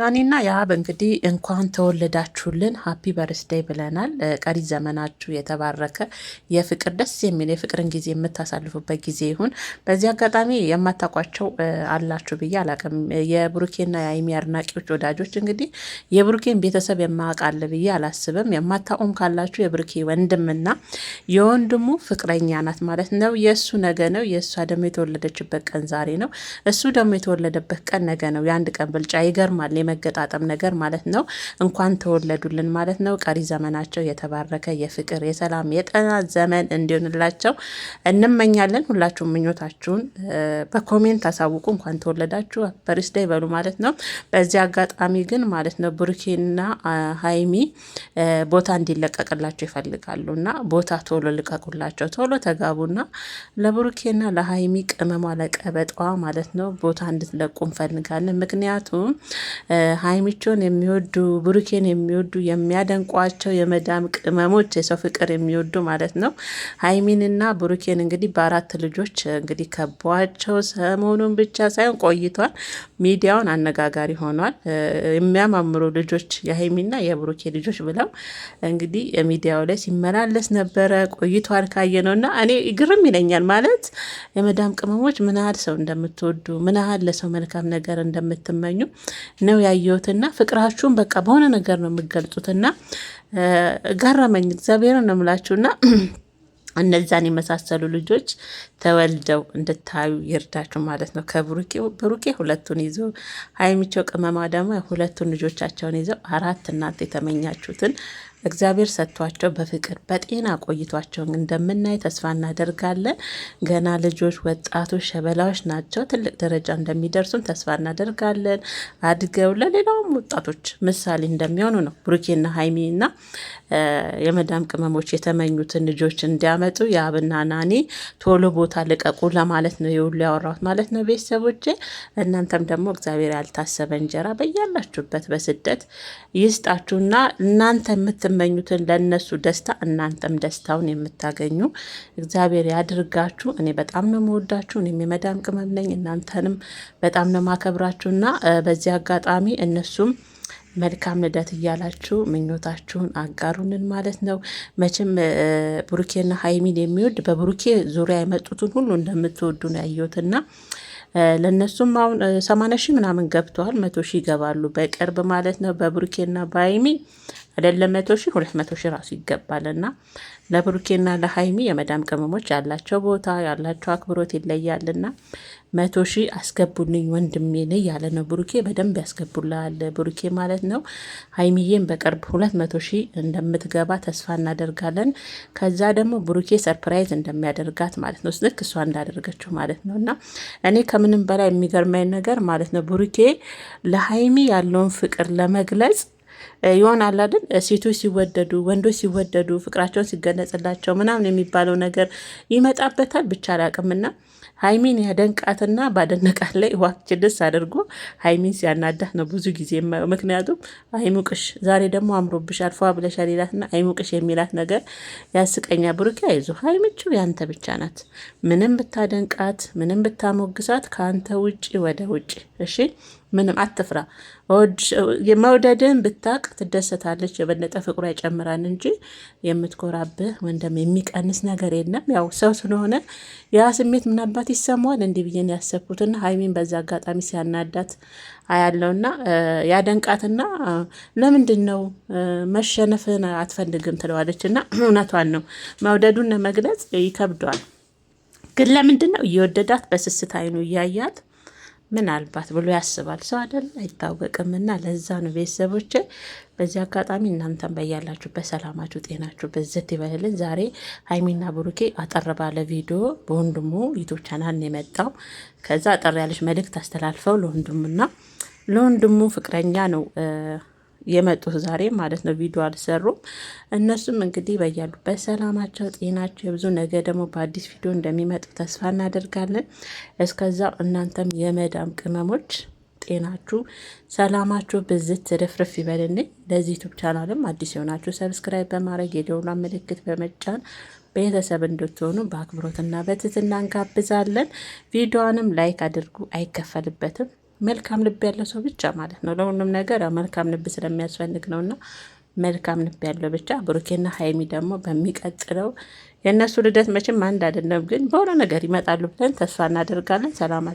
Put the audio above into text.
ናኒና የአብ እንግዲህ እንኳን ተወለዳችሁልን ሀፒ በርስደይ ብለናል። ቀሪ ዘመናችሁ የተባረከ የፍቅር ደስ የሚል የፍቅርን ጊዜ የምታሳልፉበት ጊዜ ይሁን። በዚህ አጋጣሚ የማታውቋቸው አላችሁ ብዬ አላውቅም። የብሩኬና የአይሚ አድናቂዎች ወዳጆች፣ እንግዲህ የብሩኬን ቤተሰብ የማያውቅ ብዬ አላስብም። የማታውቁም ካላችሁ የብሩኬ ወንድምና የወንድሙ ፍቅረኛ ናት ማለት ነው። የእሱ ነገ ነው። የእሷ ደግሞ የተወለደችበት ቀን ዛሬ ነው። እሱ ደግሞ የተወለደበት ቀን ነገ ነው። የአንድ ቀን ብልጫ ይገርማል። የመገጣጠም ነገር ማለት ነው። እንኳን ተወለዱልን ማለት ነው። ቀሪ ዘመናቸው የተባረከ የፍቅር፣ የሰላም፣ የጤና ዘመን እንዲሆንላቸው እንመኛለን። ሁላችሁም ምኞታችሁን በኮሜንት አሳውቁ። እንኳን ተወለዳችሁ በርስ በሉ ማለት ነው። በዚህ አጋጣሚ ግን ማለት ነው ብሩኬና ሀይሚ ቦታ እንዲለቀቅላቸው ይፈልጋሉ እና ቦታ ቶሎ ልቀቁላቸው፣ ቶሎ ተጋቡና ለብሩኬና ለሀይሚ ቅመሟ ለቀበጧ ማለት ነው ቦታ እንድትለቁ እንፈልጋለን። ምክንያቱም ሀይሚቾን የሚወዱ ብሩኬን የሚወዱ የሚያደንቋቸው የመዳም ቅመሞች የሰው ፍቅር የሚወዱ ማለት ነው። ሀይሚንና ብሩኬን እንግዲህ በአራት ልጆች እንግዲህ ከቧቸው ሰሞኑን ብቻ ሳይሆን ቆይቷል። ሚዲያውን አነጋጋሪ ሆኗል። የሚያማምሩ ልጆች የሀይሚና የብሩኬ ልጆች ብለው እንግዲህ ሚዲያው ላይ ሲመላለስ ነበረ ቆይቷል። ካየ ነው እና እኔ ግርም ይለኛል ማለት የመዳም ቅመሞች ምን ያህል ሰው እንደምትወዱ ምን ያህል ለሰው መልካም ነገር እንደምትመኙ ነው ነው ያየሁትና ፍቅራችሁን በቃ በሆነ ነገር ነው የምገልጹትና ገረመኝ። እግዚአብሔር ነው የምላችሁና እነዛን የመሳሰሉ ልጆች ተወልደው እንድታዩ ይርዳችሁ ማለት ነው። ከብሩኬ ሁለቱን ይዞ ሀይሚቸው ቅመማ ደግሞ ሁለቱን ልጆቻቸውን ይዘው አራት እናንተ የተመኛችሁትን እግዚአብሔር ሰጥቷቸው በፍቅር በጤና ቆይቷቸውን እንደምናይ ተስፋ እናደርጋለን። ገና ልጆች፣ ወጣቶች፣ ሸበላዎች ናቸው። ትልቅ ደረጃ እንደሚደርሱም ተስፋ እናደርጋለን። አድገው ለሌላውም ወጣቶች ምሳሌ እንደሚሆኑ ነው ብሩኬና ሀይሚ እና የመዳም ቅመሞች የተመኙትን ልጆች እንዲያመጡ የአብና ናኒ ቶሎ ቦታ ልቀቁ ለማለት ነው የሁሉ ያወራሁት ማለት ነው። ቤተሰቦቼ እናንተም ደግሞ እግዚአብሔር ያልታሰበ እንጀራ በያላችሁበት በስደት ይስጣችሁና እናንተ የምት የምትመኙትን ለእነሱ ደስታ እናንተም ደስታውን የምታገኙ እግዚአብሔር ያድርጋችሁ። እኔ በጣም ነው የምወዳችሁ። እኔም የመዳም ቅመም ነኝ። እናንተንም በጣም ነው ማከብራችሁ እና በዚህ አጋጣሚ እነሱም መልካም ልደት እያላችሁ ምኞታችሁን አጋሩንን ማለት ነው። መቼም ብሩኬና ሀይሚን የሚወድ በብሩኬ ዙሪያ የመጡትን ሁሉ እንደምትወዱ ነው ያየሁትና ለእነሱም አሁን ሰማንያ ሺህ ምናምን ገብተዋል። መቶ ሺህ ይገባሉ በቅርብ ማለት ነው። በብሩኬና በሀይሚ አይደለም መቶ ሺህ ሁለት መቶ ሺህ ራሱ ይገባልና ለብሩኬና ለሀይሚ የመዳም ቅመሞች ያላቸው ቦታ ያላቸው አክብሮት ይለያልና መቶ ሺህ አስገቡልኝ ነ ያለ ነው ብሩኬ። በደንብ ያስገቡላል ብሩኬ ማለት ነው። ሀይሚዬን በቅርብ ሁለት መቶ ሺህ እንደምትገባ ተስፋ እናደርጋለን። ከዛ ደግሞ ብሩኬ ሰርፕራይዝ እንደሚያደርጋት ማለት ነው። ልክ እሷ እንዳደረገችው ማለት ነው። እና እኔ ከምንም በላይ የሚገርመኝ ነገር ማለት ነው ብሩኬ ለሀይሚ ያለውን ፍቅር ለመግለጽ ይሆን አለ አይደል? ሴቶች ሲወደዱ፣ ወንዶች ሲወደዱ፣ ፍቅራቸውን ሲገለጽላቸው ምናምን የሚባለው ነገር ይመጣበታል። ብቻ አላቅምና ሀይሚን ያደንቃትና ባደነቃት ላይ ዋክችልስ አድርጎ ሀይሚን ሲያናዳት ነው ብዙ ጊዜ የማየው። ምክንያቱም አይሙቅሽ ዛሬ ደግሞ አምሮብሽ አልፎ ብለሻ ሌላትና አይሙቅሽ የሚላት ነገር ያስቀኛ። ብሩኬ አይዞ ሀይሚችው ያንተ ብቻ ናት። ምንም ብታደንቃት፣ ምንም ብታሞግሳት ከአንተ ውጭ ወደ ውጭ እሺ ምንም አትፍራ። መውደድን ብታቅ ትደሰታለች። የበለጠ ፍቅሩ ያጨምራል እንጂ የምትኮራብህ ወንድም የሚቀንስ ነገር የለም። ያው ሰው ስለሆነ ያ ስሜት ምናባት ይሰማዋል። እንዲህ ብዬን ያሰብኩትና ሀይሚን በዛ አጋጣሚ ሲያናዳት አያለውና ያደንቃትና ለምንድን ነው መሸነፍን አትፈልግም ትለዋለች። እና እውነቷን ነው መውደዱን ለመግለጽ ይከብደዋል። ግን ለምንድን ነው እየወደዳት በስስት አይኑ እያያት ምናልባት ብሎ ያስባል ሰው አይደል አይታወቅም። እና ለዛ ነው ቤተሰቦች፣ በዚህ አጋጣሚ እናንተም በያላችሁ ሰላማችሁ፣ ጤናችሁ በዘት ይበልልን። ዛሬ ሀይሚና ብሩኬ አጠር ባለ ቪዲዮ በወንድሙ ይቶቻናን የመጣው ከዛ አጠር ያለች መልእክት አስተላልፈው ለወንድሙና ለወንድሙ ፍቅረኛ ነው የመጡት ዛሬ ማለት ነው። ቪዲዮ አልሰሩም። እነሱም እንግዲህ በያሉበት ሰላማቸው፣ ጤናቸው የብዙ ነገ ደግሞ በአዲስ ቪዲዮ እንደሚመጡ ተስፋ እናደርጋለን። እስከዛው እናንተም የመዳም ቅመሞች ጤናችሁ፣ ሰላማችሁ ብዝት ትርፍርፍ ይበልልኝ። ለዚህ ዩቱብ ቻናልም አዲስ የሆናችሁ ሰብስክራይብ በማድረግ የደውሏ ምልክት በመጫን ቤተሰብ እንድትሆኑ በአክብሮትና በትህትና እንጋብዛለን። ቪዲዮንም ላይክ አድርጉ፣ አይከፈልበትም። መልካም ልብ ያለው ሰው ብቻ ማለት ነው። ለሁሉም ነገር መልካም ልብ ስለሚያስፈልግ ነው እና መልካም ልብ ያለው ብቻ። ብሩኬና ሀይሚ ደግሞ በሚቀጥለው የእነሱ ልደት መቼም አንድ አይደለም፣ ግን በሆነ ነገር ይመጣሉ ብለን ተስፋ እናደርጋለን። ሰላም